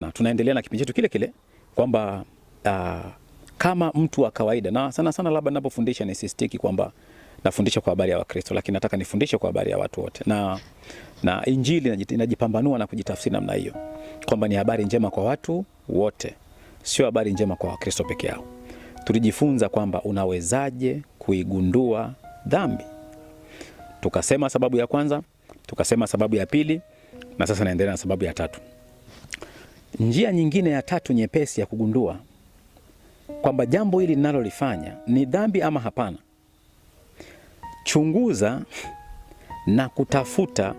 Na tunaendelea na kipindi chetu kile kile kwamba uh, kama mtu wa kawaida na sana sana, labda ninapofundisha nisisitiki kwamba nafundisha kwa habari ya Wakristo, lakini nataka nifundishe kwa habari ya watu wote, na, na Injili inajipambanua na kujitafsiri namna hiyo kwamba ni habari njema kwa watu wote, sio habari njema kwa Wakristo peke yao. Tulijifunza kwamba unawezaje kuigundua dhambi, tukasema sababu ya kwanza, tukasema sababu ya pili, na sasa naendelea na sababu ya tatu. Njia nyingine ya tatu nyepesi ya kugundua kwamba jambo hili ninalolifanya ni dhambi ama hapana, chunguza na kutafuta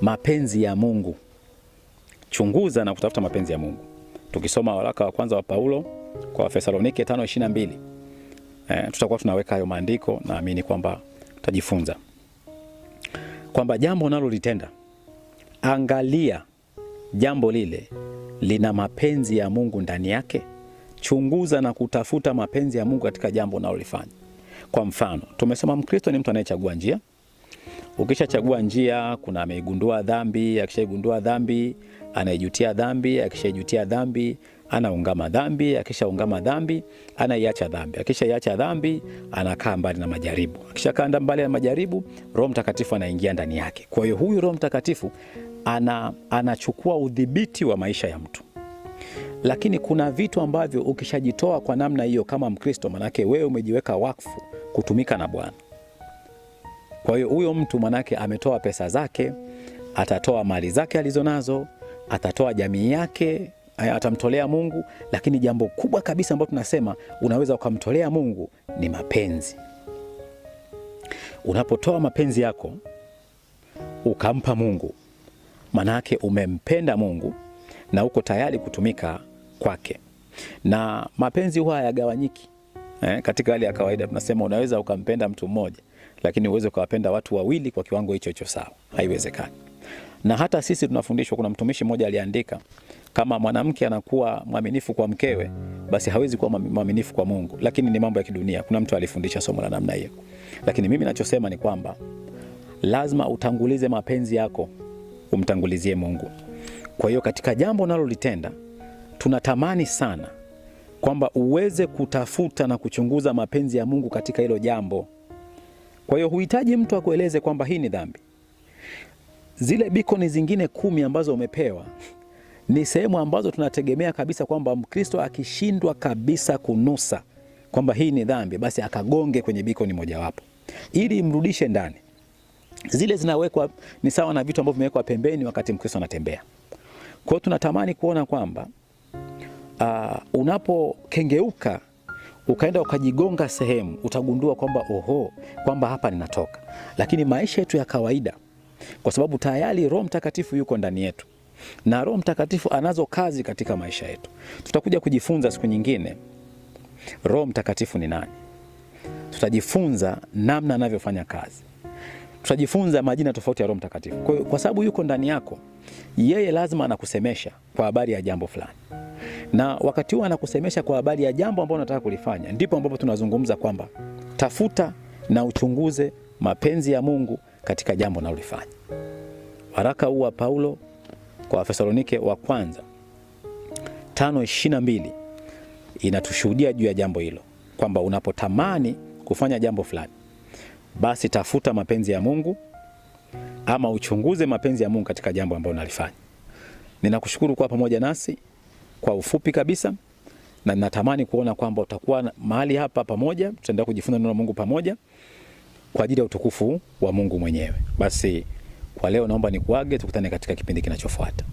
mapenzi ya Mungu. Chunguza na kutafuta mapenzi ya Mungu, tukisoma waraka wa kwanza wa Paulo kwa Wathesalonike 5:22 eh, tutakuwa tunaweka hayo maandiko. Naamini kwamba tutajifunza kwamba jambo unalolitenda, angalia jambo lile lina mapenzi ya Mungu ndani yake? Chunguza na kutafuta mapenzi ya Mungu katika jambo unalolifanya. Kwa mfano, tumesema Mkristo ni mtu anayechagua njia. Ukishachagua njia, kuna ameigundua dhambi, akishaigundua dhambi anaijutia dhambi, akishaijutia dhambi anaungama dhambi, akishaungama dhambi anaiacha dhambi, akishaiacha dhambi anakaa mbali na majaribu, akishakaa mbali na majaribu, Roho Mtakatifu anaingia ndani yake. Kwa hiyo huyu Roho Mtakatifu ana, anachukua udhibiti wa maisha ya mtu. Lakini kuna vitu ambavyo ukishajitoa kwa namna hiyo kama Mkristo, manake wewe umejiweka wakfu kutumika na Bwana. Kwa hiyo huyo mtu manake ametoa pesa zake, atatoa mali zake alizonazo, atatoa jamii yake, eh, atamtolea Mungu. Lakini jambo kubwa kabisa ambalo tunasema unaweza ukamtolea Mungu ni mapenzi. Unapotoa mapenzi yako ukampa Mungu, manake umempenda Mungu na uko tayari kutumika kwake, na mapenzi huwa hayagawanyiki. Eh, katika hali ya kawaida tunasema unaweza ukampenda mtu mmoja lakini uweze ukawapenda watu wawili kwa kiwango hicho hicho, sawa? Haiwezekani. Na hata sisi tunafundishwa, kuna mtumishi mmoja aliandika, kama mwanamke anakuwa mwaminifu kwa mkewe, basi hawezi kuwa mwaminifu kwa Mungu. Lakini ni mambo ya kidunia, kuna mtu alifundisha somo la namna hiyo. Lakini mimi nachosema ni kwamba lazima utangulize mapenzi yako umtangulizie Mungu. Kwa hiyo katika jambo unalolitenda, tunatamani sana kwamba uweze kutafuta na kuchunguza mapenzi ya Mungu katika hilo jambo. Kwa hiyo huhitaji mtu akueleze kwamba hii ni dhambi. Zile bikoni zingine kumi ambazo umepewa ni sehemu ambazo tunategemea kabisa kwamba Mkristo akishindwa kabisa kunusa kwamba hii ni dhambi, basi akagonge kwenye bikoni mojawapo ili imrudishe ndani zile zinawekwa ni sawa na vitu ambavyo vimewekwa pembeni wakati Mkristo anatembea. Kwa hiyo tunatamani kuona kwamba uh, unapokengeuka ukaenda ukajigonga sehemu utagundua kwamba oho, kwamba hapa ninatoka. Lakini maisha yetu ya kawaida, kwa sababu tayari Roho Mtakatifu yuko ndani yetu na Roho Mtakatifu anazo kazi katika maisha yetu. Tutakuja kujifunza siku nyingine Roho Mtakatifu ni nani, tutajifunza namna anavyofanya kazi tutajifunza majina tofauti ya Roho Mtakatifu. Kwa kwa sababu yuko ndani yako, yeye lazima anakusemesha kwa habari ya jambo fulani, na wakati huo anakusemesha kwa habari ya jambo ambalo unataka kulifanya, ndipo ambapo tunazungumza kwamba tafuta na uchunguze mapenzi ya Mungu katika jambo unalolifanya. Waraka huu wa Paulo kwa Wathesalonike wa kwanza 5:22 inatushuhudia juu ya jambo hilo kwamba unapotamani kufanya jambo fulani basi tafuta mapenzi ya Mungu ama uchunguze mapenzi ya Mungu katika jambo ambalo unalifanya. Ninakushukuru kuwa pamoja nasi kwa ufupi kabisa, na ninatamani kuona kwamba utakuwa mahali hapa pamoja, tutaendelea kujifunza neno la Mungu pamoja kwa ajili ya utukufu wa Mungu mwenyewe. Basi kwa leo naomba nikuage, tukutane katika kipindi kinachofuata.